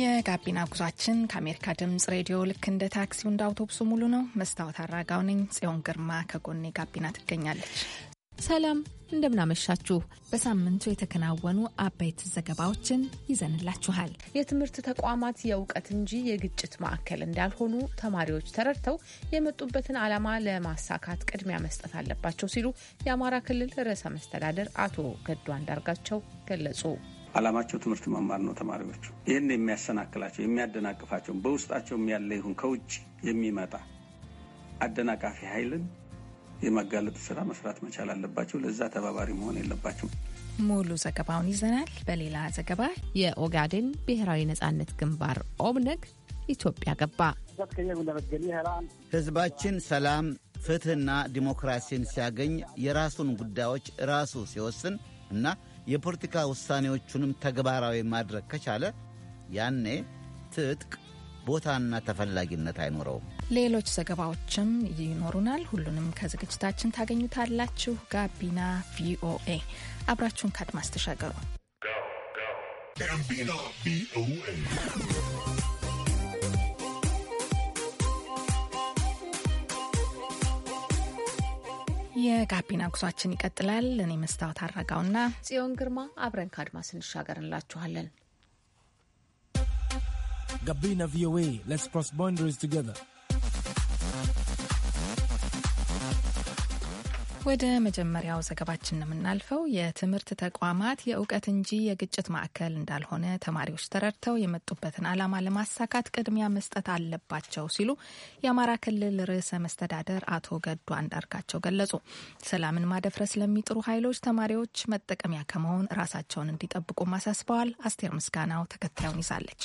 የጋቢና ጉዟችን ከአሜሪካ ድምጽ ሬዲዮ ልክ እንደ ታክሲው እንደ አውቶቡሱ ሙሉ ነው። መስታወት አራጋው ነኝ። ጽዮን ግርማ ከጎኔ ጋቢና ትገኛለች። ሰላም እንደምናመሻችሁ። በሳምንቱ የተከናወኑ አበይት ዘገባዎችን ይዘንላችኋል። የትምህርት ተቋማት የእውቀት እንጂ የግጭት ማዕከል እንዳልሆኑ ተማሪዎች ተረድተው የመጡበትን ዓላማ ለማሳካት ቅድሚያ መስጠት አለባቸው ሲሉ የአማራ ክልል ርዕሰ መስተዳደር አቶ ገዱ አንዳርጋቸው ገለጹ። አላማቸው ትምህርት መማር ነው። ተማሪዎቹ ይህን የሚያሰናክላቸው የሚያደናቅፋቸው በውስጣቸውም ያለ ይሁን ከውጭ የሚመጣ አደናቃፊ ኃይልን የማጋለጥ ስራ መስራት መቻል አለባቸው። ለዛ ተባባሪ መሆን የለባቸው። ሙሉ ዘገባውን ይዘናል። በሌላ ዘገባ የኦጋዴን ብሔራዊ ነጻነት ግንባር ኦብነግ ኢትዮጵያ ገባ። ህዝባችን ሰላም፣ ፍትህና ዲሞክራሲን ሲያገኝ የራሱን ጉዳዮች ራሱ ሲወስን እና የፖለቲካ ውሳኔዎቹንም ተግባራዊ ማድረግ ከቻለ ያኔ ትጥቅ ቦታና ተፈላጊነት አይኖረውም። ሌሎች ዘገባዎችም ይኖሩናል። ሁሉንም ከዝግጅታችን ታገኙታላችሁ። ጋቢና ቪኦኤ አብራችሁን ከአድማስ ተሻገሩ። የጋቢና ጉዟችን ይቀጥላል። እኔ መስታወት አረጋውና ጽዮን ግርማ አብረን ከአድማስ ስንሻገር እንላችኋለን። ጋቢና ቪኦኤ ሌትስ ክሮስ ቦንደሪስ ቱጌዘር ወደ መጀመሪያው ዘገባችን የምናልፈው የትምህርት ተቋማት የእውቀት እንጂ የግጭት ማዕከል እንዳልሆነ ተማሪዎች ተረድተው የመጡበትን ዓላማ ለማሳካት ቅድሚያ መስጠት አለባቸው ሲሉ የአማራ ክልል ርዕሰ መስተዳደር አቶ ገዱ አንዳርጋቸው ገለጹ። ሰላምን ማደፍረስ ለሚጥሩ ኃይሎች ተማሪዎች መጠቀሚያ ከመሆን ራሳቸውን እንዲጠብቁ አሳስበዋል። አስቴር ምስጋናው ተከታዩን ይዛለች።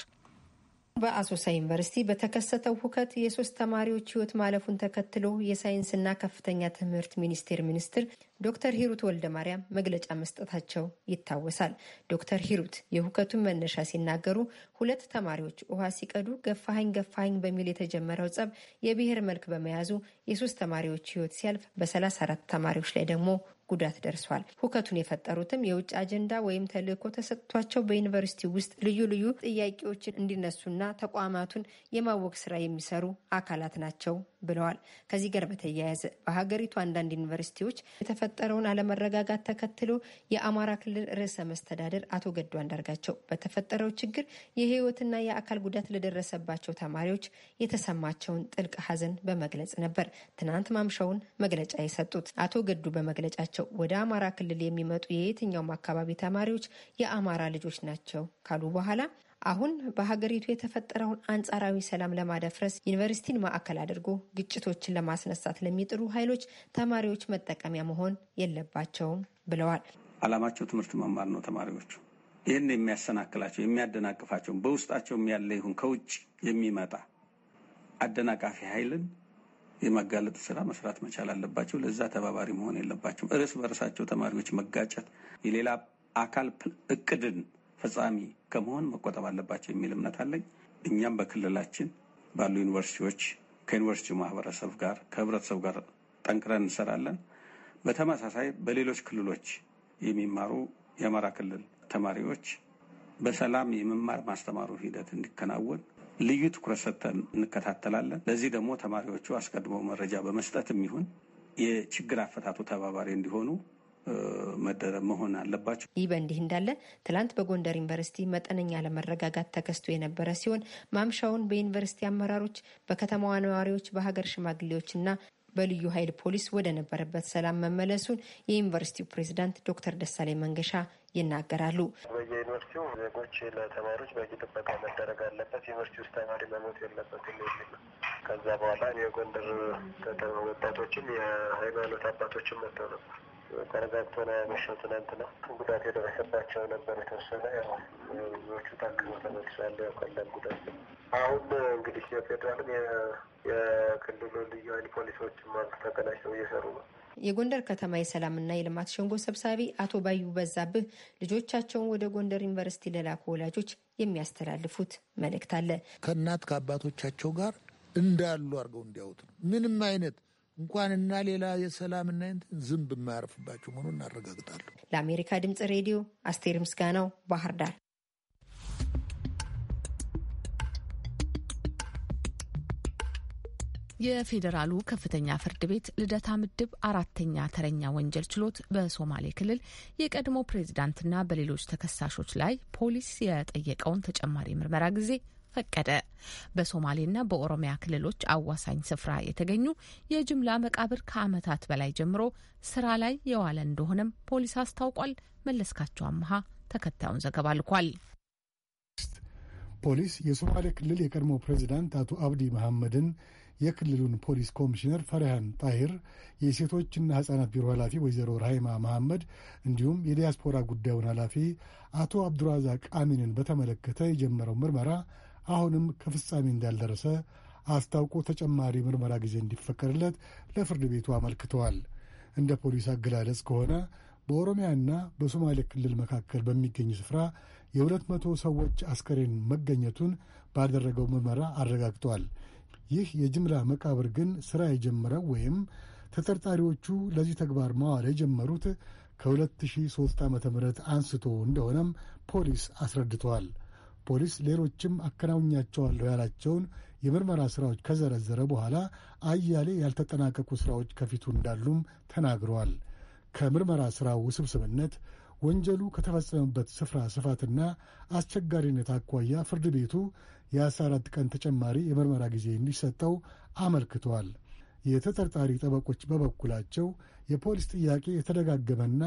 በአሶሳ ዩኒቨርሲቲ በተከሰተው ሁከት የሶስት ተማሪዎች ህይወት ማለፉን ተከትሎ የሳይንስና ከፍተኛ ትምህርት ሚኒስቴር ሚኒስትር ዶክተር ሂሩት ወልደ ማርያም መግለጫ መስጠታቸው ይታወሳል። ዶክተር ሂሩት የሁከቱን መነሻ ሲናገሩ ሁለት ተማሪዎች ውሃ ሲቀዱ ገፋሀኝ ገፋሀኝ በሚል የተጀመረው ጸብ የብሔር መልክ በመያዙ የሶስት ተማሪዎች ህይወት ሲያልፍ በ34 ተማሪዎች ላይ ደግሞ ጉዳት ደርሷል። ሁከቱን የፈጠሩትም የውጭ አጀንዳ ወይም ተልእኮ ተሰጥቷቸው በዩኒቨርሲቲ ውስጥ ልዩ ልዩ ጥያቄዎችን እንዲነሱና ተቋማቱን የማወቅ ስራ የሚሰሩ አካላት ናቸው ብለዋል። ከዚህ ጋር በተያያዘ በሀገሪቱ አንዳንድ ዩኒቨርሲቲዎች የተፈጠረውን አለመረጋጋት ተከትሎ የአማራ ክልል ርዕሰ መስተዳደር አቶ ገዱ አንዳርጋቸው በተፈጠረው ችግር የህይወትና የአካል ጉዳት ለደረሰባቸው ተማሪዎች የተሰማቸውን ጥልቅ ሐዘን በመግለጽ ነበር ትናንት ማምሻውን መግለጫ የሰጡት። አቶ ገዱ በመግለጫቸው ናቸው። ወደ አማራ ክልል የሚመጡ የየትኛውም አካባቢ ተማሪዎች የአማራ ልጆች ናቸው ካሉ በኋላ አሁን በሀገሪቱ የተፈጠረውን አንጻራዊ ሰላም ለማደፍረስ ዩኒቨርሲቲን ማዕከል አድርጎ ግጭቶችን ለማስነሳት ለሚጥሩ ኃይሎች ተማሪዎች መጠቀሚያ መሆን የለባቸውም ብለዋል። አላማቸው ትምህርት መማር ነው። ተማሪዎቹ ይህን የሚያሰናክላቸው የሚያደናቅፋቸው በውስጣቸውም ያለ ይሁን ከውጭ የሚመጣ አደናቃፊ ኃይልን የማጋለጥ ስራ መስራት መቻል አለባቸው። ለዛ ተባባሪ መሆን የለባቸው። እርስ በርሳቸው ተማሪዎች መጋጨት፣ የሌላ አካል እቅድን ፈጻሚ ከመሆን መቆጠብ አለባቸው የሚል እምነት አለኝ። እኛም በክልላችን ባሉ ዩኒቨርሲቲዎች ከዩኒቨርሲቲ ማህበረሰብ ጋር ከህብረተሰቡ ጋር ጠንክረን እንሰራለን። በተመሳሳይ በሌሎች ክልሎች የሚማሩ የአማራ ክልል ተማሪዎች በሰላም የመማር ማስተማሩ ሂደት እንዲከናወን ልዩ ትኩረት ሰጥተን እንከታተላለን። ለዚህ ደግሞ ተማሪዎቹ አስቀድሞ መረጃ በመስጠት የሚሆን የችግር አፈታቱ ተባባሪ እንዲሆኑ መደረብ መሆን አለባቸው። ይህ በእንዲህ እንዳለ ትላንት በጎንደር ዩኒቨርሲቲ መጠነኛ አለመረጋጋት ተከስቶ የነበረ ሲሆን ማምሻውን በዩኒቨርሲቲ አመራሮች፣ በከተማዋ ነዋሪዎች፣ በሀገር ሽማግሌዎችና በልዩ ኃይል ፖሊስ ወደ ነበረበት ሰላም መመለሱን የዩኒቨርሲቲው ፕሬዚዳንት ዶክተር ደሳሌ መንገሻ ይናገራሉ። በየዩኒቨርሲቲው ዜጎች ለተማሪዎች በቂ ጥበቃ መደረግ አለበት፣ ዩኒቨርሲቲ ውስጥ ተማሪ መሞት የለበትም የሚል ከዛ በኋላ የጎንደር ወጣቶችም የሃይማኖት አባቶችም መጥተው ነበር። ተረጋግቶ ነው ያመሸው። ትናንትና ጉዳት የደረሰባቸው ነበር የተወሰነ ብዙዎቹ ታክሞ ተመልሷል። ቀላል ጉዳት አሁን እንግዲህ የፌዴራልም የክልሉ ልዩ ኃይል ፖሊሶችም አንዱ ተቀናጅተው እየሰሩ ነው። የጎንደር ከተማ የሰላምና የልማት ሸንጎ ሰብሳቢ አቶ ባዩ በዛብህ ልጆቻቸውን ወደ ጎንደር ዩኒቨርሲቲ ለላኩ ወላጆች የሚያስተላልፉት መልእክት አለ። ከእናት ከአባቶቻቸው ጋር እንዳሉ አድርገው እንዲያዩት ነው ምንም አይነት እንኳንና ሌላ የሰላምና እንትን ዝንብ የማያርፍባቸው መሆኑን እናረጋግጣለሁ። ለአሜሪካ ድምፅ ሬዲዮ አስቴር ምስጋናው ባህር ዳር። የፌዴራሉ ከፍተኛ ፍርድ ቤት ልደታ ምድብ አራተኛ ተረኛ ወንጀል ችሎት በሶማሌ ክልል የቀድሞ ፕሬዚዳንትና በሌሎች ተከሳሾች ላይ ፖሊስ የጠየቀውን ተጨማሪ ምርመራ ጊዜ ፈቀደ። በሶማሌና በኦሮሚያ ክልሎች አዋሳኝ ስፍራ የተገኙ የጅምላ መቃብር ከዓመታት በላይ ጀምሮ ስራ ላይ የዋለ እንደሆነም ፖሊስ አስታውቋል። መለስካቸው አመሃ ተከታዩን ዘገባ ልኳል። ፖሊስ የሶማሌ ክልል የቀድሞ ፕሬዚዳንት አቶ አብዲ መሐመድን፣ የክልሉን ፖሊስ ኮሚሽነር ፈርሃን ጣሂር፣ የሴቶችና ህጻናት ቢሮ ኃላፊ ወይዘሮ ራሂማ መሐመድ እንዲሁም የዲያስፖራ ጉዳዩን ኃላፊ አቶ አብዱራዛቅ አሚንን በተመለከተ የጀመረው ምርመራ አሁንም ከፍጻሜ እንዳልደረሰ አስታውቆ ተጨማሪ ምርመራ ጊዜ እንዲፈቀድለት ለፍርድ ቤቱ አመልክተዋል። እንደ ፖሊስ አገላለጽ ከሆነ በኦሮሚያና በሶማሌ ክልል መካከል በሚገኝ ስፍራ የሁለት መቶ ሰዎች አስከሬን መገኘቱን ባደረገው ምርመራ አረጋግጧል። ይህ የጅምላ መቃብር ግን ስራ የጀመረው ወይም ተጠርጣሪዎቹ ለዚህ ተግባር ማዋል የጀመሩት ከ2003 ዓ ም አንስቶ እንደሆነም ፖሊስ አስረድተዋል። ፖሊስ ሌሎችም አከናውኛቸዋለሁ ያላቸውን የምርመራ ስራዎች ከዘረዘረ በኋላ አያሌ ያልተጠናቀቁ ስራዎች ከፊቱ እንዳሉም ተናግረዋል። ከምርመራ ስራው ውስብስብነት፣ ወንጀሉ ከተፈጸመበት ስፍራ ስፋትና አስቸጋሪነት አኳያ ፍርድ ቤቱ የ14 ቀን ተጨማሪ የምርመራ ጊዜ እንዲሰጠው አመልክተዋል። የተጠርጣሪ ጠበቆች በበኩላቸው የፖሊስ ጥያቄ የተደጋገመና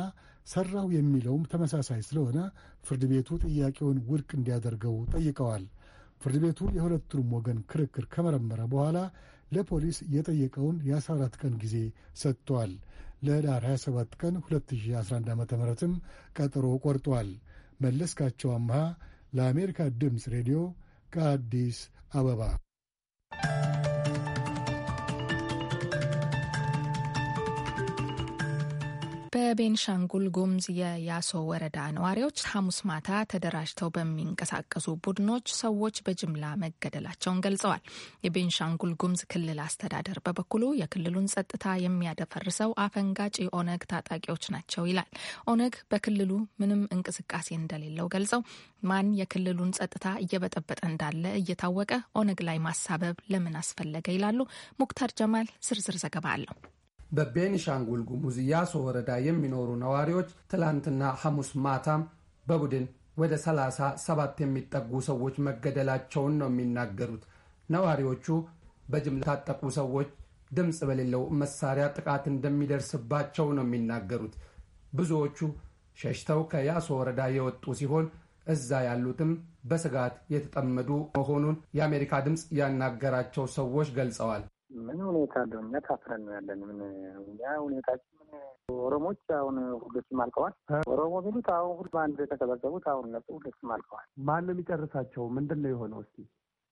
ሰራው የሚለውም ተመሳሳይ ስለሆነ ፍርድ ቤቱ ጥያቄውን ውድቅ እንዲያደርገው ጠይቀዋል። ፍርድ ቤቱ የሁለቱንም ወገን ክርክር ከመረመረ በኋላ ለፖሊስ የጠየቀውን የ14 ቀን ጊዜ ሰጥቷል። ለኅዳር 27 ቀን 2011 ዓ ም ቀጠሮ ቆርጧል። መለስካቸው አምሃ ለአሜሪካ ድምፅ ሬዲዮ ከአዲስ አበባ የቤንሻንጉል ጉምዝ የያሶ ወረዳ ነዋሪዎች ሐሙስ ማታ ተደራጅተው በሚንቀሳቀሱ ቡድኖች ሰዎች በጅምላ መገደላቸውን ገልጸዋል። የቤንሻንጉል ጉሙዝ ክልል አስተዳደር በበኩሉ የክልሉን ጸጥታ የሚያደፈርሰው አፈንጋጭ የኦነግ ታጣቂዎች ናቸው ይላል። ኦነግ በክልሉ ምንም እንቅስቃሴ እንደሌለው ገልጸው ማን የክልሉን ጸጥታ እየበጠበጠ እንዳለ እየታወቀ ኦነግ ላይ ማሳበብ ለምን አስፈለገ ይላሉ። ሙክታር ጀማል ዝርዝር ዘገባ አለው። በቤኒሻንጉል ጉሙዝ ያሶ ወረዳ የሚኖሩ ነዋሪዎች ትላንትና ሐሙስ ማታም በቡድን ወደ ሰላሳ ሰባት የሚጠጉ ሰዎች መገደላቸውን ነው የሚናገሩት። ነዋሪዎቹ በጅምላ ታጠቁ ሰዎች ድምፅ በሌለው መሳሪያ ጥቃት እንደሚደርስባቸው ነው የሚናገሩት። ብዙዎቹ ሸሽተው ከያሶ ወረዳ የወጡ ሲሆን እዛ ያሉትም በስጋት የተጠመዱ መሆኑን የአሜሪካ ድምፅ ያናገራቸው ሰዎች ገልጸዋል። ምን ሁኔታ አለው? እኛ ታፍረን ነው ያለን። ምን እኛ ሁኔታችን ምን ኦሮሞች አሁን ሁለቱም አልቀዋል። ኦሮሞ ሚሉት አሁን ሁሉ በአንድ የተሰበሰቡት አሁን ነ ሁለቱም አልቀዋል። ማን ነው የሚጨርሳቸው? ምንድን ነው የሆነው? እስቲ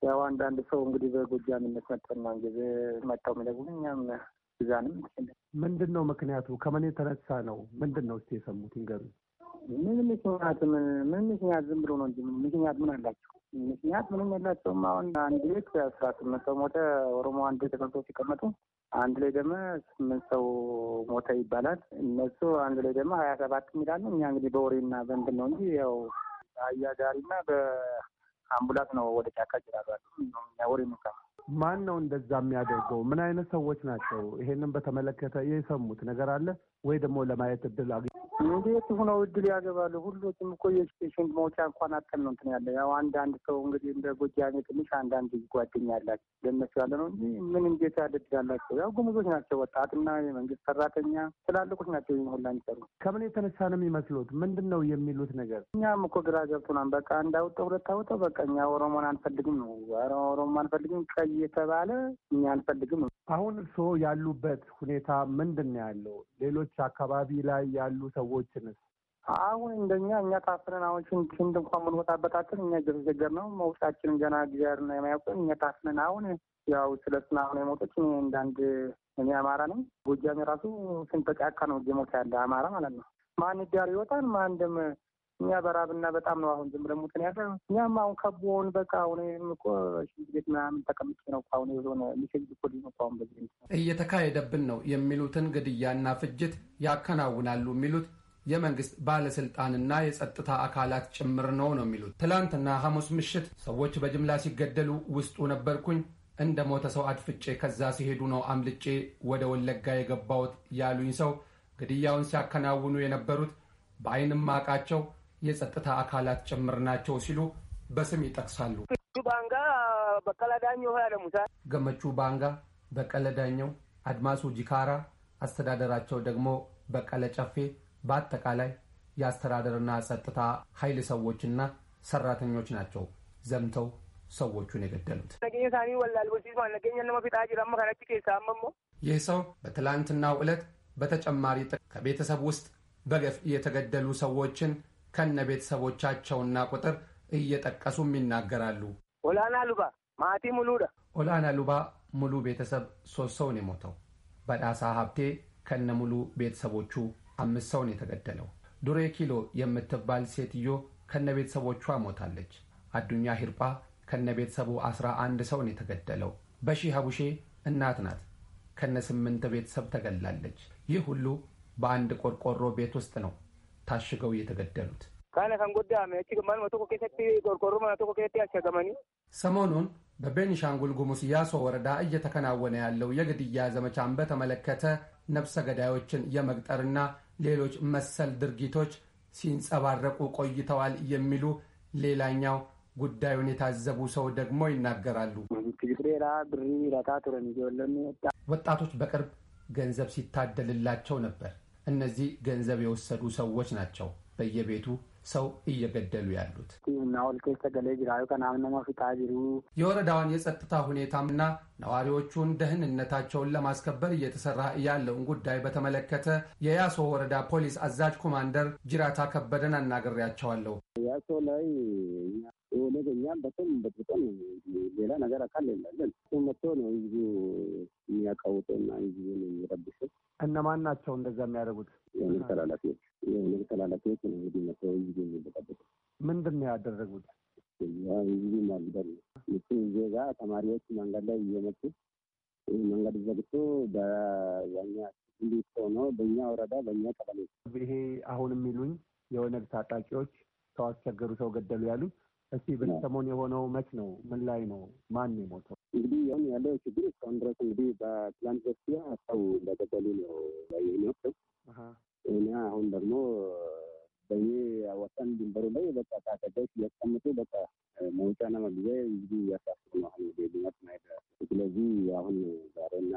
ያው አንዳንድ ሰው እንግዲህ በጎጃምነት መጠና ጊዜ መጣው የሚለጉን እኛም ብዛንም ምንድን ነው ምክንያቱ? ከምን የተነሳ ነው? ምንድን ነው እስቲ የሰሙት ይንገሩ። ምን ምክንያት ምን ምክንያት ዝም ብሎ ነው እንጂ ምን ምክንያት ምን አላቸው? ምክንያት ምንም የላቸውም። አሁን አንድ ቤት አስራ ስምንት ሰው ሞተ፣ ኦሮሞ አንድ ቤት ተቀምጦ ሲቀመጡ አንድ ላይ ደግሞ ስምንት ሰው ሞተ ይባላል። እነሱ አንድ ላይ ደግሞ ሀያ ሰባት ይላሉ። እኛ እንግዲህ በወሬና በእንትን ነው እንጂ ያው አህያ ጋሪና በአምቡላንስ ነው ወደ ጫካ ይችላሉ ወሬ የሚሰማ ማን ነው እንደዛ የሚያደርገው? ምን አይነት ሰዎች ናቸው? ይሄንን በተመለከተ የሰሙት ነገር አለ ወይ? ደግሞ ለማየት እድል አግ እንዴት ሆነው እድል ያገባሉ? ሁሉም እኮ የስቴሽን መውጫ እንኳን አጠል ነው እንትን ያለ ያው አንዳንድ ሰው እንግዲህ እንደ ጎጃሜ ትንሽ አንዳንድ ጓደኛ ያላቸው ለነሱ ያለ ነው እንጂ ምን እንዴት ያደድ ያላቸው ያው ጉምዞች ናቸው። ወጣትና የመንግስት ሰራተኛ ትላልቆች ናቸው። ይህን ሁላ የሚሰሩ ከምን የተነሳ ነው የሚመስሉት? ምንድን ነው የሚሉት ነገር? እኛም እኮ ግራ ገብቶናል። በቃ እንዳውጠው ሁለት አውጠ በቃ እኛ ኦሮሞን አንፈልግም ነው ኦሮሞ አንፈልግም ቀይ እየተባለ እኛ አንፈልግም። አሁን እርስዎ ያሉበት ሁኔታ ምንድን ነው ያለው? ሌሎች አካባቢ ላይ ያሉ ሰዎችንስ? አሁን እንደኛ እኛ ታፍነን አሁን ሽንት እንኳን ምንወጣበታችን እኛ ጀርጀገር ነው መውጫችንን ገና እግዚአብሔር ነው የሚያውቀን። እኛ ታፍነን አሁን ያው ስለ ስና አሁን የመውጦች እንዳንድ እኔ አማራ ነኝ። ጎጃሜ ራሱ ስንት ተጫካ ነው ሞት ያለ አማራ ማለት ነው። ማን ዳር ይወጣል ማን ደም እኛ በራብና በጣም ነው አሁን ዝም ብለን ሙትን ያለ እኛም አሁን ከቦን በቃ አሁን እኮ ሽንት ቤት ምናምን ተቀምጬ ነው አሁን የሆነ ሚሸግ ኮዲ ነው በዚህ እየተካሄደብን ነው የሚሉትን ግድያና ፍጅት ያከናውናሉ የሚሉት የመንግስት ባለስልጣንና የጸጥታ አካላት ጭምር ነው ነው የሚሉት። ትላንትና ሐሙስ ምሽት ሰዎች በጅምላ ሲገደሉ ውስጡ ነበርኩኝ። እንደ ሞተ ሰው አድፍጬ ከዛ ሲሄዱ ነው አምልጬ ወደ ወለጋ የገባሁት ያሉኝ ሰው ግድያውን ሲያከናውኑ የነበሩት በአይንም አቃቸው የጸጥታ አካላት ጭምር ናቸው ሲሉ በስም ይጠቅሳሉ። ባንጋ በቀለዳኛው ገመቹ ባንጋ፣ ዳኘው፣ አድማሱ ጂካራ፣ አስተዳደራቸው ደግሞ በቀለ ጨፌ በአጠቃላይ የአስተዳደርና ጸጥታ ኃይል ሰዎችና ሰራተኞች ናቸው ዘምተው ሰዎቹን የገደሉት። ይህ ሰው በትላንትናው ዕለት በተጨማሪ ከቤተሰብ ውስጥ በገፍ የተገደሉ ሰዎችን ከነ ቤተሰቦቻቸውና ቁጥር እየጠቀሱም ይናገራሉ። ኦላና ሉባ ማቲ ሙሉዳ ኦላና ሉባ ሙሉ ቤተሰብ ሶስት ሰውን የሞተው። በዳሳ ሀብቴ ከነ ሙሉ ቤተሰቦቹ አምስት ሰውን የተገደለው። ዱሬ ኪሎ የምትባል ሴትዮ ከነ ቤተሰቦቿ ሞታለች። አዱኛ ሂርጳ ከነ ቤተሰቡ አስራ አንድ ሰውን የተገደለው። በሺ ሀቡሼ እናት ናት ከነ ስምንት ቤተሰብ ተገላለች። ይህ ሁሉ በአንድ ቆርቆሮ ቤት ውስጥ ነው ታሽገው የተገደሉት። ሰሞኑን በቤኒሻንጉል ጉሙስ ያሶ ወረዳ እየተከናወነ ያለው የግድያ ዘመቻን በተመለከተ ነፍሰ ገዳዮችን የመቅጠርና ሌሎች መሰል ድርጊቶች ሲንጸባረቁ ቆይተዋል የሚሉ ሌላኛው ጉዳዩን የታዘቡ ሰው ደግሞ ይናገራሉ። ወጣቶች በቅርብ ገንዘብ ሲታደልላቸው ነበር። እነዚህ ገንዘብ የወሰዱ ሰዎች ናቸው በየቤቱ ሰው እየገደሉ ያሉት። የወረዳዋን የጸጥታ ሁኔታና ነዋሪዎቹን ደህንነታቸውን ለማስከበር እየተሰራ ያለውን ጉዳይ በተመለከተ የያሶ ወረዳ ፖሊስ አዛዥ ኮማንደር ጅራታ ከበደን አናግሬያቸዋለሁ። ያሶ ላይ በጣም ሌላ ነገር አካል የለለን መጥቶ ነው የሚያቃውጠውና ህዝቡን የሚረብሸው እነማን ናቸው? እንደዛ የሚያደርጉት ተላላፊዎች ኃላፊዎች የመንግስት ኃላፊዎች እንግዲህ መሰው ህዝቡ የሚበጣበጡ ምንድን ነው ያደረጉት? ህዝቡ ማግደል ነው። ልክ ዜጋ ተማሪዎች መንገድ ላይ እየመጡ መንገድ ዘግቶ በኛ እንዴት ሆኖ በእኛ ወረዳ በእኛ ቀበሌ ይሄ አሁን የሚሉኝ የኦነግ ታጣቂዎች ሰው አስቸገሩ፣ ሰው ገደሉ ያሉኝ እስቲ በሰሞን የሆነው መች ነው? ምን ላይ ነው? ማን የሞተው? እንግዲህ አሁን ያለው ችግር እስካሁን ድረስ እንግዲህ በትላንት በስቲያ ሰው እንደገደሉ ነው ላይ የሚወስደው እና አሁን ደግሞ በየ ወሰን ድንበሩ ላይ በቃ ታቀደች እያስቀምጡ በቃ መውጫና መግቢያ እንግዲህ እያሳስሩ ነው አሁን ሊመት ማይደ ስለዚህ አሁን ዛሬና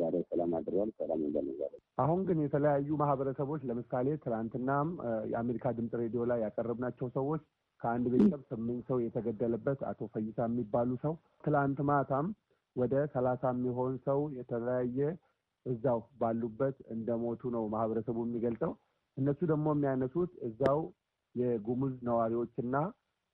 ዛሬ ሰላም አድረዋል። ሰላም እንደመዛለ አሁን ግን የተለያዩ ማህበረሰቦች ለምሳሌ ትላንትናም የአሜሪካ ድምፅ ሬዲዮ ላይ ያቀረብናቸው ሰዎች ከአንድ ቤተሰብ ስምንት ሰው የተገደለበት አቶ ፈይሳ የሚባሉ ሰው ትላንት ማታም ወደ ሰላሳ የሚሆን ሰው የተለያየ እዛው ባሉበት እንደሞቱ ነው ማህበረሰቡ የሚገልጸው። እነሱ ደግሞ የሚያነሱት እዛው የጉሙዝ ነዋሪዎችና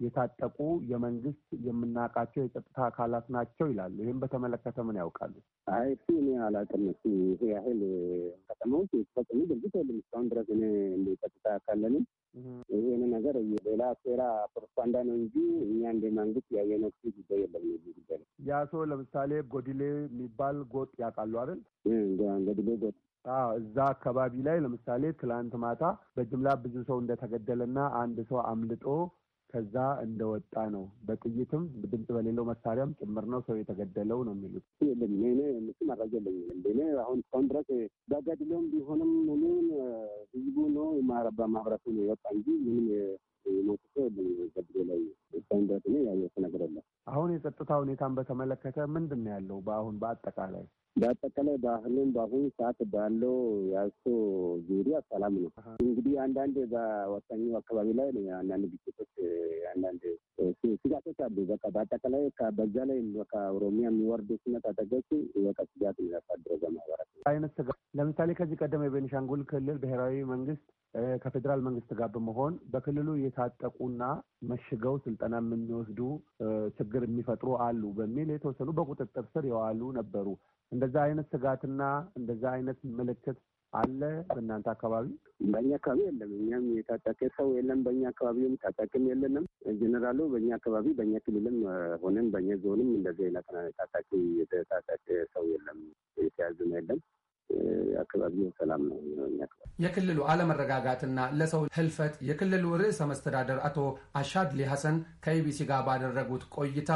የታጠቁ የመንግስት የምናውቃቸው የጸጥታ አካላት ናቸው ይላሉ። ይህም በተመለከተ ምን ያውቃሉ? አይ እሱ እኔ አላውቅም። እሱ ይሄ ያህል ከተማ ውስጥ የተፈጸመ ድርጊት የለም እስካሁን ድረስ እኔ እንደ ጸጥታ አካለን ይህን ነገር ሌላ ሴራ ፕሮፓጋንዳ ነው እንጂ እኛ እንደ መንግስት ያየነው ጉዳይ የለም። እዚህ ጉዳይ ነው ያ ሰው ለምሳሌ ጎድሌ የሚባል ጎጥ ያውቃሉ አይደል? ጎድሌ ጎጥ እዛ አካባቢ ላይ ለምሳሌ ትላንት ማታ በጅምላ ብዙ ሰው እንደተገደለና አንድ ሰው አምልጦ ከዛ እንደወጣ ነው። በጥይትም ድምፅ በሌለው መሳሪያም ጭምር ነው ሰው የተገደለው ነው የሚሉት። የለም እኔ ምስል መረጃ የለኝም። እኔ አሁን እስካሁን ድረስ በገድሎም ቢሆንም ምንም ህዝቡ ነው በማህበረሰቡ ነው የወጣ እንጂ ምንም ሰው የአሁን የጸጥታ ሁኔታን በተመለከተ ምንድን ነው ያለው? በአሁን በአጠቃላይ በአጠቃላይ በአሁኑም በአሁኑ ሰዓት ባለው ያሱ ዙሪያ ሰላም ነው። እንግዲህ አንዳንድ በወሳኙ አካባቢ ላይ አንዳንድ ግጭቶች፣ አንዳንድ ስጋቶች አሉ። በቃ በአጠቃላይ በዛ ላይ ከኦሮሚያ የሚወርዱ ስነት አጠገች በቃ ስጋት ያሳድረ በማህበራት አይነት ስጋት ለምሳሌ ከዚህ ቀደም የቤኒሻንጉል ክልል ብሔራዊ መንግስት ከፌዴራል መንግስት ጋር በመሆን በክልሉ የታጠቁና መሽገው ስልጠና የሚወስዱ ችግር የሚፈጥሩ አሉ በሚል የተወሰኑ በቁጥጥር ስር የዋሉ ነበሩ። እንደዛ አይነት ስጋትና እንደዛ አይነት ምልክት አለ በእናንተ አካባቢ? በእኛ አካባቢ የለም። እኛም የታጠቀ ሰው የለም። በእኛ አካባቢም ታጣቂም የለንም። ጀነራሉ በእኛ አካባቢ በእኛ ክልልም ሆነን በእኛ ዞንም እንደዚህ አይነት ታጣቂ የታጠቀ ሰው የለም። የተያዝም የለም። አካባቢውን ሰላም ነው የሚያቅበ የክልሉ አለመረጋጋትና ለሰው ህልፈት የክልሉ ርዕሰ መስተዳደር አቶ አሻድሊ ሐሰን ከኢቢሲ ጋር ባደረጉት ቆይታ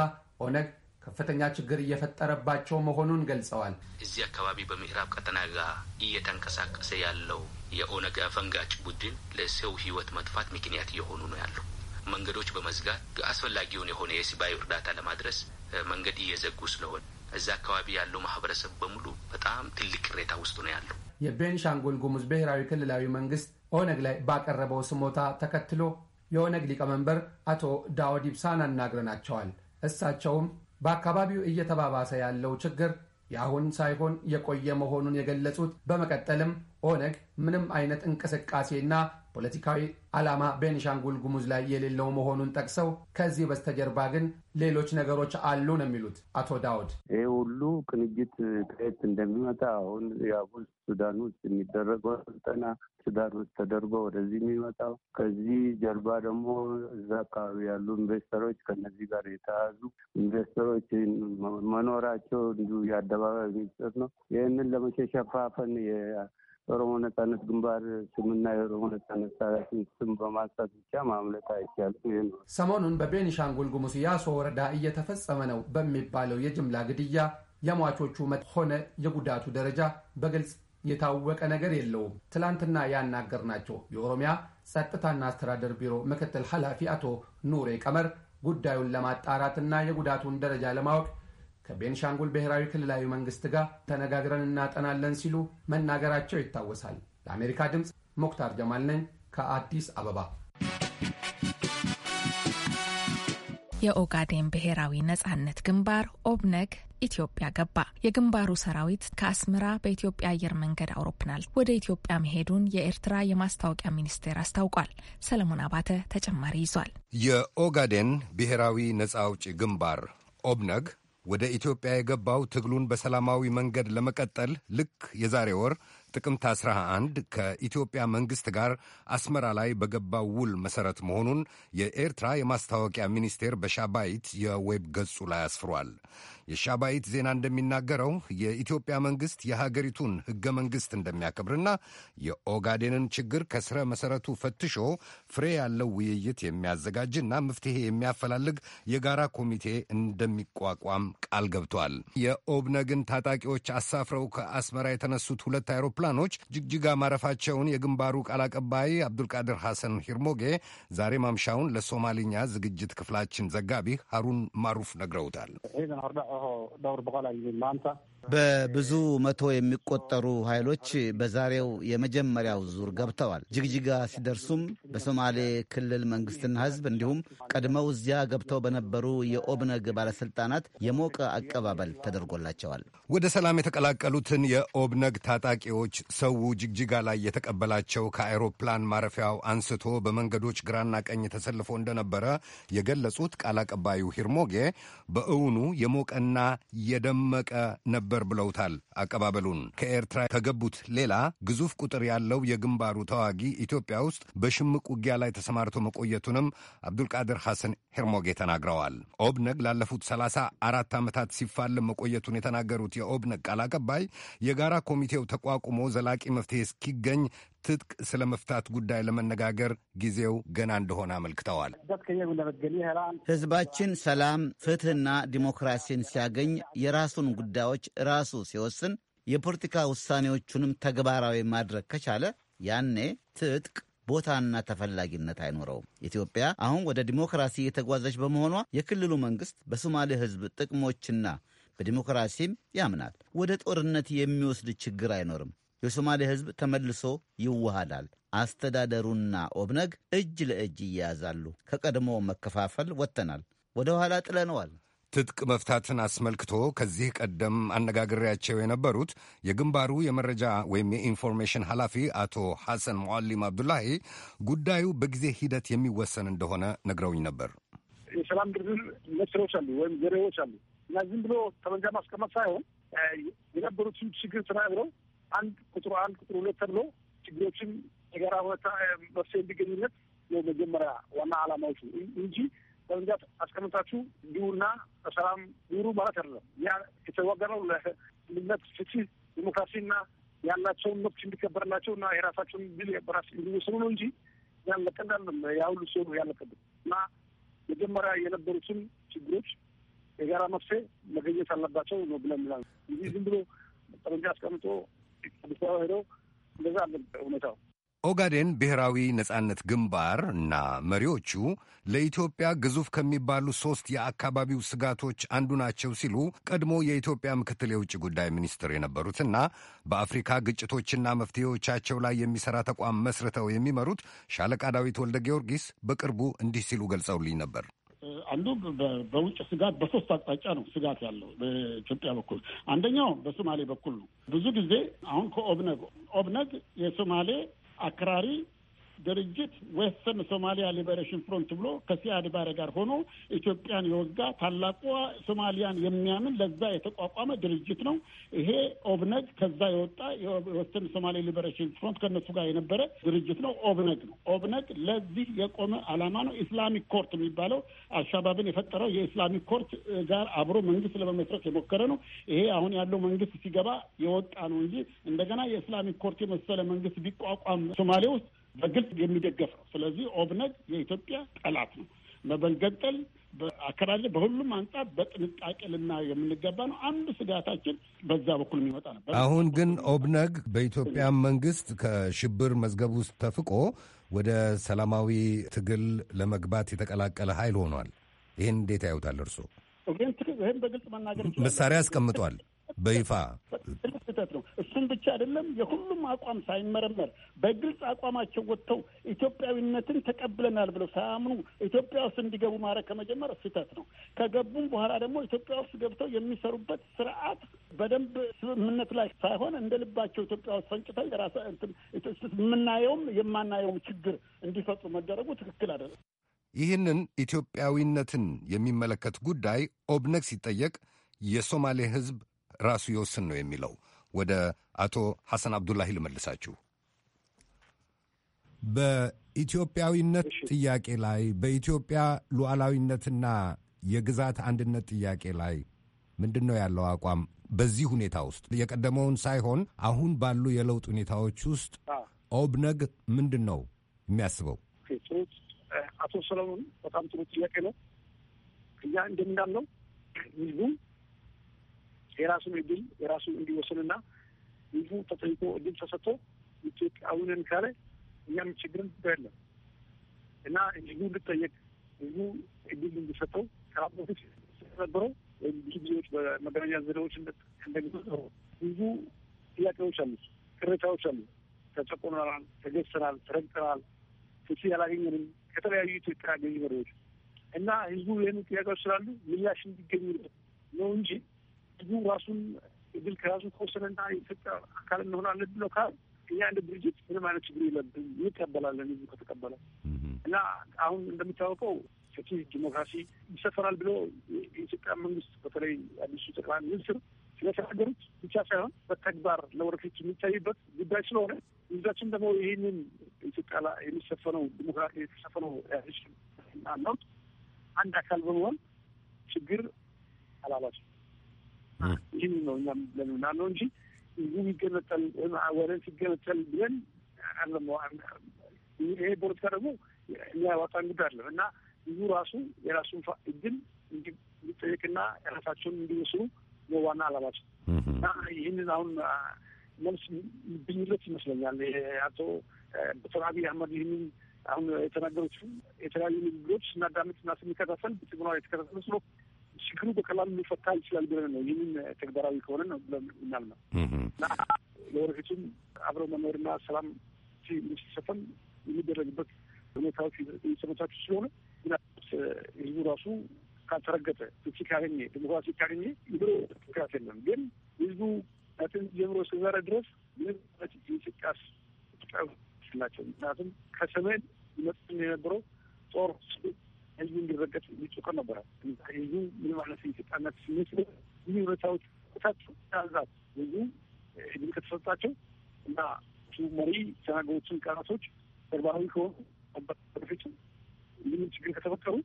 ኦነግ ከፍተኛ ችግር እየፈጠረባቸው መሆኑን ገልጸዋል። እዚህ አካባቢ በምዕራብ ቀጠና ጋር እየተንቀሳቀሰ ያለው የኦነግ አፈንጋጭ ቡድን ለሰው ህይወት መጥፋት ምክንያት እየሆኑ ነው ያለው። መንገዶች በመዝጋት አስፈላጊውን የሆነ የሰብአዊ እርዳታ ለማድረስ መንገድ እየዘጉ ስለሆነ እዛ አካባቢ ያለው ማህበረሰብ በሙሉ በጣም ትልቅ ቅሬታ ውስጥ ነው ያለው። የቤንሻንጉል ጉሙዝ ብሔራዊ ክልላዊ መንግስት ኦነግ ላይ ባቀረበው ስሞታ ተከትሎ የኦነግ ሊቀመንበር አቶ ዳውድ ኢብሳን አናግረናቸዋል። እሳቸውም በአካባቢው እየተባባሰ ያለው ችግር የአሁን ሳይሆን የቆየ መሆኑን የገለጹት በመቀጠልም ኦነግ ምንም አይነት እንቅስቃሴና ፖለቲካዊ ዓላማ በኒሻንጉል ጉሙዝ ላይ የሌለው መሆኑን ጠቅሰው ከዚህ በስተጀርባ ግን ሌሎች ነገሮች አሉ ነው የሚሉት አቶ ዳውድ። ይህ ሁሉ ቅንጅት ከየት እንደሚመጣ አሁን ያቡል ሱዳን ውስጥ የሚደረገው ስልጠና ሱዳን ውስጥ ተደርጎ ወደዚህ የሚመጣው ከዚህ ጀርባ ደግሞ እዛ አካባቢ ያሉ ኢንቨስተሮች ከነዚህ ጋር የተያዙ ኢንቨስተሮች መኖራቸው እንዲሁ የአደባባይ ሚኒስትር ነው። ይህንን ለመሸሸፋፈን ኦሮሞ ነጻነት ግንባር ስምና የኦሮሞ ነጻነት ሰራዊት ስም በማንሳት ብቻ ማምለት አይቻልም። ሰሞኑን በቤኒሻንጉል ጉሙዝ ያሶ ወረዳ እየተፈጸመ ነው በሚባለው የጅምላ ግድያ የሟቾቹ ሆነ የጉዳቱ ደረጃ በግልጽ የታወቀ ነገር የለውም። ትላንትና ያናገርናቸው የኦሮሚያ ጸጥታና አስተዳደር ቢሮ ምክትል ኃላፊ አቶ ኑሬ ቀመር ጉዳዩን ለማጣራትና የጉዳቱን ደረጃ ለማወቅ ከቤንሻንጉል ብሔራዊ ክልላዊ መንግስት ጋር ተነጋግረን እናጠናለን ሲሉ መናገራቸው ይታወሳል። ለአሜሪካ ድምፅ ሙክታር ጀማል ነኝ ከአዲስ አበባ። የኦጋዴን ብሔራዊ ነጻነት ግንባር ኦብነግ ኢትዮጵያ ገባ። የግንባሩ ሰራዊት ከአስመራ በኢትዮጵያ አየር መንገድ አውሮፕላን ወደ ኢትዮጵያ መሄዱን የኤርትራ የማስታወቂያ ሚኒስቴር አስታውቋል። ሰለሞን አባተ ተጨማሪ ይዟል። የኦጋዴን ብሔራዊ ነጻ አውጪ ግንባር ኦብነግ ወደ ኢትዮጵያ የገባው ትግሉን በሰላማዊ መንገድ ለመቀጠል ልክ የዛሬ ወር ጥቅምት 11 ከኢትዮጵያ መንግሥት ጋር አስመራ ላይ በገባው ውል መሠረት መሆኑን የኤርትራ የማስታወቂያ ሚኒስቴር በሻባይት የዌብ ገጹ ላይ አስፍሯል። የሻባይት ዜና እንደሚናገረው የኢትዮጵያ መንግሥት የሀገሪቱን ህገ መንግሥት እንደሚያከብርና የኦጋዴንን ችግር ከስረ መሠረቱ ፈትሾ ፍሬ ያለው ውይይት የሚያዘጋጅና መፍትሄ የሚያፈላልግ የጋራ ኮሚቴ እንደሚቋቋም ቃል ገብቷል። የኦብነግን ታጣቂዎች አሳፍረው ከአስመራ የተነሱት ሁለት አይሮፕላኖች ጅግጅጋ ማረፋቸውን የግንባሩ ቃል አቀባይ አብዱልቃድር ሐሰን ሂርሞጌ ዛሬ ማምሻውን ለሶማሊኛ ዝግጅት ክፍላችን ዘጋቢ ሀሩን ማሩፍ ነግረውታል። oo dhowr boqol ah maanta በብዙ መቶ የሚቆጠሩ ኃይሎች በዛሬው የመጀመሪያው ዙር ገብተዋል። ጅግጅጋ ሲደርሱም በሶማሌ ክልል መንግስትና ሕዝብ እንዲሁም ቀድመው እዚያ ገብተው በነበሩ የኦብነግ ባለስልጣናት የሞቀ አቀባበል ተደርጎላቸዋል። ወደ ሰላም የተቀላቀሉትን የኦብነግ ታጣቂዎች ሰው ጅግጅጋ ላይ የተቀበላቸው ከአይሮፕላን ማረፊያው አንስቶ በመንገዶች ግራና ቀኝ ተሰልፎ እንደነበረ የገለጹት ቃል አቀባዩ ሂርሞጌ በእውኑ የሞቀና የደመቀ ነበር ነበር ብለውታል። አቀባበሉን ከኤርትራ ከገቡት ሌላ ግዙፍ ቁጥር ያለው የግንባሩ ተዋጊ ኢትዮጵያ ውስጥ በሽምቅ ውጊያ ላይ ተሰማርቶ መቆየቱንም አብዱልቃድር ሐሰን ሄርሞጌ ተናግረዋል። ኦብነግ ላለፉት ሰላሳ አራት ዓመታት ሲፋለም መቆየቱን የተናገሩት የኦብነግ ቃል አቀባይ የጋራ ኮሚቴው ተቋቁሞ ዘላቂ መፍትሄ እስኪገኝ ትጥቅ ስለ መፍታት ጉዳይ ለመነጋገር ጊዜው ገና እንደሆነ አመልክተዋል። ህዝባችን ሰላም፣ ፍትህና ዲሞክራሲን ሲያገኝ የራሱን ጉዳዮች ራሱ ሲወስን የፖለቲካ ውሳኔዎቹንም ተግባራዊ ማድረግ ከቻለ ያኔ ትጥቅ ቦታና ተፈላጊነት አይኖረውም። ኢትዮጵያ አሁን ወደ ዲሞክራሲ የተጓዘች በመሆኗ የክልሉ መንግስት በሶማሌ ህዝብ ጥቅሞችና በዲሞክራሲም ያምናል። ወደ ጦርነት የሚወስድ ችግር አይኖርም። የሶማሌ ሕዝብ ተመልሶ ይዋሃዳል። አስተዳደሩና ኦብነግ እጅ ለእጅ ይያያዛሉ። ከቀድሞ መከፋፈል ወጥተናል፣ ወደ ኋላ ጥለነዋል። ትጥቅ መፍታትን አስመልክቶ ከዚህ ቀደም አነጋግሬያቸው የነበሩት የግንባሩ የመረጃ ወይም የኢንፎርሜሽን ኃላፊ አቶ ሐሰን ሙዓሊም አብዱላሂ ጉዳዩ በጊዜ ሂደት የሚወሰን እንደሆነ ነግረውኝ ነበር። የሰላም ድርድር መስሮች አሉ ወይም ዘሬዎች አሉ እና ዝም ብሎ ጠመንጃ ማስቀመጥ ሳይሆን የነበሩትን ችግር ተናግረው አንድ ቁጥሩ አንድ ቁጥሩ ሁለት ተብሎ ችግሮችን የጋራ ሁኔታ መፍትሄ እንዲገኙነት ነው መጀመሪያ ዋና አላማዎቹ እንጂ በብዛት አስቀምጣችሁ እንዲሁና በሰላም ኑሩ ማለት አይደለም። ያ የተዋገረው ለምነት ፍትህ፣ ዲሞክራሲና ያላቸውን መብት እንዲከበርላቸው እና የራሳቸውን ቢል በራስ እንዲወስኑ ነው እንጂ ያለቀዳለም ያሁሉ ሲሆኑ ያለቀብን እና መጀመሪያ የነበሩትን ችግሮች የጋራ መፍትሄ መገኘት አለባቸው ነው ብለን ምላል እንጂ ዝም ብሎ ጠመንጃ አስቀምጦ እንደዛ አለ ኦጋዴን ብሔራዊ ነጻነት ግንባር እና መሪዎቹ ለኢትዮጵያ ግዙፍ ከሚባሉ ሦስት የአካባቢው ስጋቶች አንዱ ናቸው ሲሉ ቀድሞ የኢትዮጵያ ምክትል የውጭ ጉዳይ ሚኒስትር የነበሩትና በአፍሪካ ግጭቶችና መፍትሄዎቻቸው ላይ የሚሠራ ተቋም መስርተው የሚመሩት ሻለቃ ዳዊት ወልደ ጊዮርጊስ በቅርቡ እንዲህ ሲሉ ገልጸውልኝ ነበር። አንዱ በውጭ ስጋት በሶስት አቅጣጫ ነው ስጋት ያለው በኢትዮጵያ በኩል። አንደኛው በሶማሌ በኩል ነው። ብዙ ጊዜ አሁን ከኦብነግ ኦብነግ የሶማሌ አክራሪ ድርጅት ዌስተርን ሶማሊያ ሊበሬሽን ፍሮንት ብሎ ከሲያድ ባሬ ጋር ሆኖ ኢትዮጵያን የወጋ ታላቋ ሶማሊያን የሚያምን ለዛ የተቋቋመ ድርጅት ነው። ይሄ ኦብነግ ከዛ የወጣ የዌስተርን ሶማሊያ ሊበሬሽን ፍሮንት ከነሱ ጋር የነበረ ድርጅት ነው። ኦብነግ ነው። ኦብነግ ለዚህ የቆመ አላማ ነው። ኢስላሚክ ኮርት የሚባለው አልሻባብን የፈጠረው የኢስላሚክ ኮርት ጋር አብሮ መንግስት ለመመስረት የሞከረ ነው። ይሄ አሁን ያለው መንግስት ሲገባ የወጣ ነው እንጂ እንደገና የኢስላሚክ ኮርት የመሰለ መንግስት ቢቋቋም ሶማሌ ውስጥ በግልጽ የሚደገፍ ነው። ስለዚህ ኦብነግ የኢትዮጵያ ጠላት ነው። መበንገጠል በአከራሪ በሁሉም አንጻር በጥንቃቄ ልና የምንገባ ነው። አንድ ስጋታችን በዛ በኩል የሚመጣ ነበር። አሁን ግን ኦብነግ በኢትዮጵያ መንግስት ከሽብር መዝገብ ውስጥ ተፍቆ ወደ ሰላማዊ ትግል ለመግባት የተቀላቀለ ኃይል ሆኗል። ይህን እንዴት ያዩታል እርስዎ? ይህን በግልጽ መናገር መሳሪያ አስቀምጧል በይፋ ስህተት ነው። እሱም ብቻ አይደለም፣ የሁሉም አቋም ሳይመረመር በግልጽ አቋማቸው ወጥተው ኢትዮጵያዊነትን ተቀብለናል ብለው ሳያምኑ ኢትዮጵያ ውስጥ እንዲገቡ ማድረግ ከመጀመር ስህተት ነው። ከገቡም በኋላ ደግሞ ኢትዮጵያ ውስጥ ገብተው የሚሰሩበት ስርዓት በደንብ ስምምነት ላይ ሳይሆን እንደ ልባቸው ኢትዮጵያ ውስጥ ፈንጭተው የራሳ የምናየውም የማናየውም ችግር እንዲፈጡ መደረጉ ትክክል አይደለም። ይህንን ኢትዮጵያዊነትን የሚመለከት ጉዳይ ኦብነግ ሲጠየቅ የሶማሌ ሕዝብ ራሱ ይወስን ነው የሚለው ወደ አቶ ሐሰን አብዱላሂ ልመልሳችሁ። በኢትዮጵያዊነት ጥያቄ ላይ በኢትዮጵያ ሉዓላዊነትና የግዛት አንድነት ጥያቄ ላይ ምንድን ነው ያለው አቋም? በዚህ ሁኔታ ውስጥ የቀደመውን ሳይሆን አሁን ባሉ የለውጥ ሁኔታዎች ውስጥ ኦብነግ ምንድን ነው የሚያስበው? አቶ ሰለሞን በጣም ጥሩ ጥያቄ ነው። እኛ እንደምናምነው ህዝቡም የራሱን እድል የራሱ እንዲወስንና ህዝቡ ተጠይቆ እድል ተሰጥቶ ኢትዮጵያዊንን ካለ እኛም ችግርን የለም እና ህዝቡ እንድጠየቅ ህዝቡ እድል እንዲሰጠው ከአቦቶች ነበረው ወይም ብዙ ጊዜዎች በመገናኛ ዘዴዎች እንደሚሰሩ ብዙ ጥያቄዎች አሉ፣ ቅሬታዎች አሉ። ተጨቆናል፣ ተገስናል፣ ተረግጠናል፣ ፍትህ አላገኘንም ከተለያዩ ኢትዮጵያ ገዢ መሪዎች እና ህዝቡ ይህን ጥያቄዎች ስላሉ ምላሽ እንዲገኙ ነው እንጂ ህዝቡ ራሱን እድል ከራሱ ከወሰነና የኢትዮጵያ አካል እንሆናለን ብለው ካል እኛ እንደ ድርጅት ምንም አይነት ችግር የለብን እንቀበላለን። ህዝቡ ከተቀበለ እና አሁን እንደሚታወቀው ሰፊ ዲሞክራሲ ይሰፈራል ብሎ የኢትዮጵያ መንግስት በተለይ አዲሱ ጠቅላይ ሚኒስትር ስለተናገሩት ብቻ ሳይሆን በተግባር ለወረፊት የሚታይበት ጉዳይ ስለሆነ ህዝባችን ደግሞ ይህንን ኢትዮጵያ ላ የሚሰፈነው ዲሞክራሲ የተሰፈነው ያሽ ለውጥ አንድ አካል በመሆን ችግር አላላቸው ይህን ነው እኛ ለምና ነው እንጂ እዚህ ይገነጠል ወደን ሲገነጠል ብለን አለም ይሄ ፖለቲካ ደግሞ ሊያዋጣ እንግዳ አለም እና ብዙ ራሱ የራሱን እድል እንዲጠየቅና የራሳቸውን እንዲወስኑ ነው ዋና አላማቸው እና ይህንን አሁን መልስ ብኝለት ይመስለኛል አቶ ዶክተር አብይ አህመድ ይህንን አሁን የተናገሩት የተለያዩ ንግግሮች ስናዳምጥ እና ስንከታተል ብትግና የተከታተል ስሎ ችግሩ በቀላሉ ሊፈታ ይችላል ብለን ነው ይህንን ተግባራዊ ከሆነ ነው ብለን የምናምነው እና ለወደፊቱም አብረው መኖርና ሰላም ሲሰፈን የሚደረግበት ሁኔታዎች የተመቻቹ ስለሆነ ምናልባት ህዝቡ ራሱ ካልተረገጠ ፍቺ ካገኘ ዲሞክራሲ ካገኘ ብሎ ምክንያት የለም። ግን ህዝቡ ትን ጀምሮ እስከዛሬ ድረስ ምንም ነት እንቅስቃሴ ስላቸው ምክንያቱም ከሰሜን ይመጣ የነበረው ጦር ህዝቡ እንዲረገጥ የሚጮቀ ነበረ። ህዝቡ ምን ማለት ኢትዮጵያነት ስሚስሉ ብዙ ህብረታዎች ቁታት ያዛት ህዝቡ እድሜ ከተሰጣቸው እና መሪ ተናገሮችን ቃላቶች ተግባራዊ ከሆኑ በፊቱ ምንም ችግር ከተፈጠሩ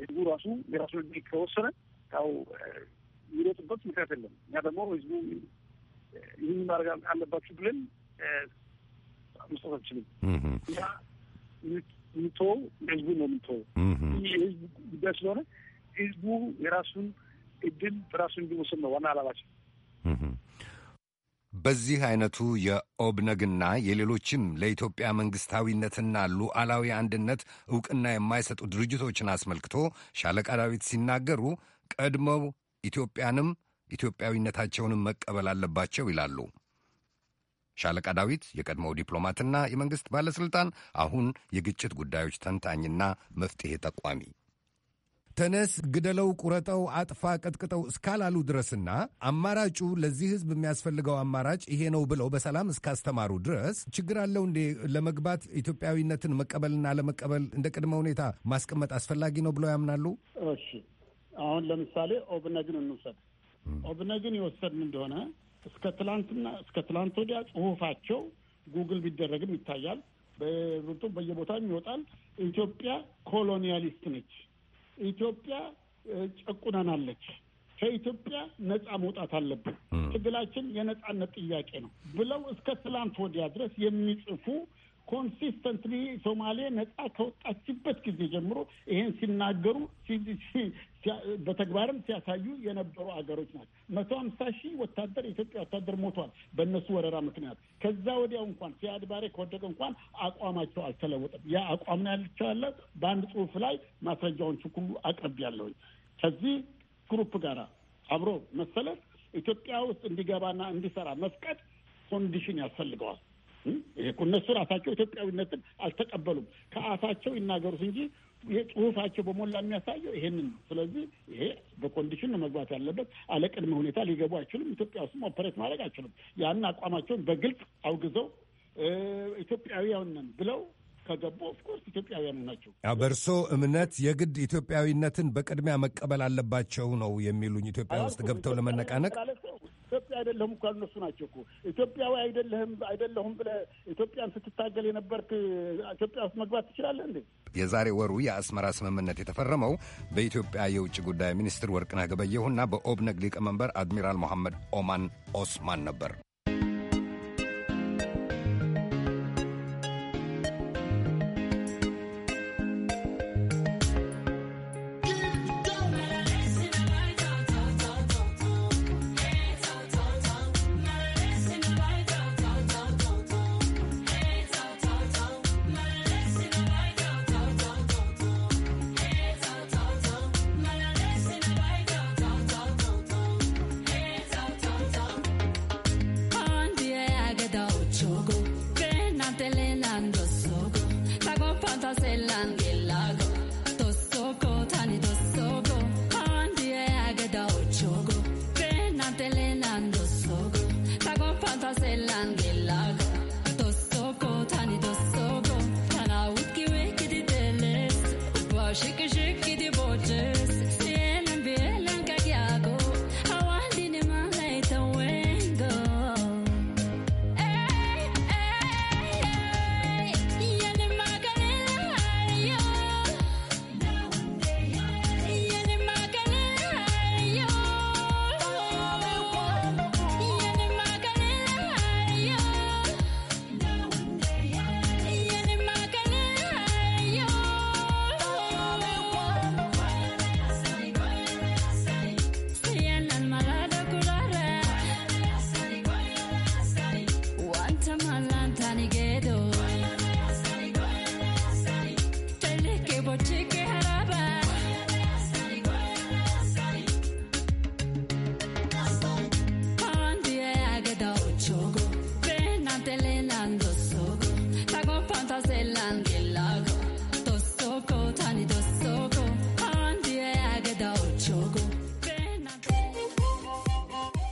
ህዝቡ ራሱ የራሱ ህግ ከወሰነ ያው የሚሮጥበት ምክንያት የለም። እኛ ደግሞ ህዝቡ ይህን ማድረግ አለባችሁ ብለን መስጠት አንችልም። ምቶ ህዝቡ ነው ምቶ ይህ ህዝብ ጉዳይ ስለሆነ ህዝቡ የራሱን እድል በራሱ እንዲወስን ነው ዋና አላማችን። በዚህ አይነቱ የኦብነግና የሌሎችም ለኢትዮጵያ መንግስታዊነትና ሉዓላዊ አንድነት እውቅና የማይሰጡ ድርጅቶችን አስመልክቶ ሻለቃ ዳዊት ሲናገሩ ቀድመው ኢትዮጵያንም ኢትዮጵያዊነታቸውንም መቀበል አለባቸው ይላሉ። ሻለቃ ዳዊት የቀድሞው ዲፕሎማትና የመንግሥት ባለሥልጣን አሁን የግጭት ጉዳዮች ተንታኝና መፍትሔ ጠቋሚ ተነስ፣ ግደለው፣ ቁረጠው፣ አጥፋ፣ ቀጥቅጠው እስካላሉ ድረስና አማራጩ ለዚህ ሕዝብ የሚያስፈልገው አማራጭ ይሄ ነው ብለው በሰላም እስካስተማሩ ድረስ ችግር አለው እንዴ? ለመግባት ኢትዮጵያዊነትን መቀበልና ለመቀበል እንደ ቅድመ ሁኔታ ማስቀመጥ አስፈላጊ ነው ብለው ያምናሉ? እሺ፣ አሁን ለምሳሌ ኦብነግን እንውሰድ። ኦብነግን የወሰድን እንደሆነ እስከ ትላንትና እስከ ትላንት ወዲያ ጽሁፋቸው ጉግል ቢደረግም ይታያል። በሩጡ በየቦታም ይወጣል። ኢትዮጵያ ኮሎኒያሊስት ነች። ኢትዮጵያ ጨቁናናለች። ከኢትዮጵያ ነጻ መውጣት አለብን። ትግላችን የነጻነት ጥያቄ ነው ብለው እስከ ትላንት ወዲያ ድረስ የሚጽፉ ኮንሲስተንትሊ ሶማሌ ነጻ ከወጣችበት ጊዜ ጀምሮ ይሄን ሲናገሩ በተግባርም ሲያሳዩ የነበሩ አገሮች ናቸው። መቶ ሀምሳ ሺህ ወታደር የኢትዮጵያ ወታደር ሞቷል በእነሱ ወረራ ምክንያት። ከዛ ወዲያው እንኳን ሲያድ ባሬ ከወደቀ እንኳን አቋማቸው አልተለወጠም። ያ አቋም ነው ያልቻለ በአንድ ጽሁፍ ላይ ማስረጃውን ሁሉ አቅርብ ያለውኝ ከዚህ ግሩፕ ጋራ አብሮ መሰለፍ ኢትዮጵያ ውስጥ እንዲገባና እንዲሰራ መፍቀድ ኮንዲሽን ያስፈልገዋል። እነሱ ራሳቸው ኢትዮጵያዊነትን አልተቀበሉም። ከአፋቸው ይናገሩት እንጂ ጽሁፋቸው በሞላ የሚያሳየው ይሄንን ነው። ስለዚህ ይሄ በኮንዲሽን ነው መግባት ያለበት። አለቅድመ ሁኔታ ሊገቡ አይችሉም። ኢትዮጵያ ውስጥም ኦፐሬት ማድረግ አይችሉም። ያን አቋማቸውን በግልጽ አውግዘው ኢትዮጵያውያን ብለው ከገቡ ኦፍኮርስ ኢትዮጵያውያን ናቸው። በእርሶ እምነት የግድ ኢትዮጵያዊነትን በቅድሚያ መቀበል አለባቸው ነው የሚሉኝ? ኢትዮጵያ ውስጥ ገብተው ለመነቃነቅ አይደለሁም እኳ እነሱ ናቸው እኮ ኢትዮጵያዊ አይደለህም አይደለሁም ብለህ ኢትዮጵያን ስትታገል የነበርክ ኢትዮጵያ ውስጥ መግባት ትችላለህ እንዴ? የዛሬ ወሩ የአስመራ ስምምነት የተፈረመው በኢትዮጵያ የውጭ ጉዳይ ሚኒስትር ወርቅነህ ገበየሁና በኦብነግ ሊቀመንበር አድሚራል መሐመድ ኦማን ኦስማን ነበር።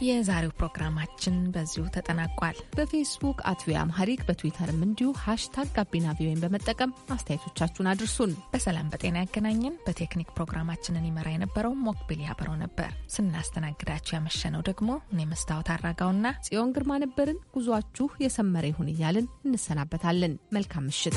የዛሬው ፕሮግራማችን በዚሁ ተጠናቋል። በፌስቡክ አት ቪኦኤ አምሃሪክ በትዊተርም እንዲሁ ሃሽታግ ጋቢና ቪኦኤን በመጠቀም አስተያየቶቻችሁን አድርሱን። በሰላም በጤና ያገናኘን። በቴክኒክ ፕሮግራማችንን ይመራ የነበረው ሞክቢል ያበረው ነበር። ስናስተናግዳችሁ ያመሸነው ደግሞ እኔ መስታወት አራጋውና ጽዮን ግርማ ነበርን። ጉዟችሁ የሰመረ ይሁን እያልን እንሰናበታለን። መልካም ምሽት።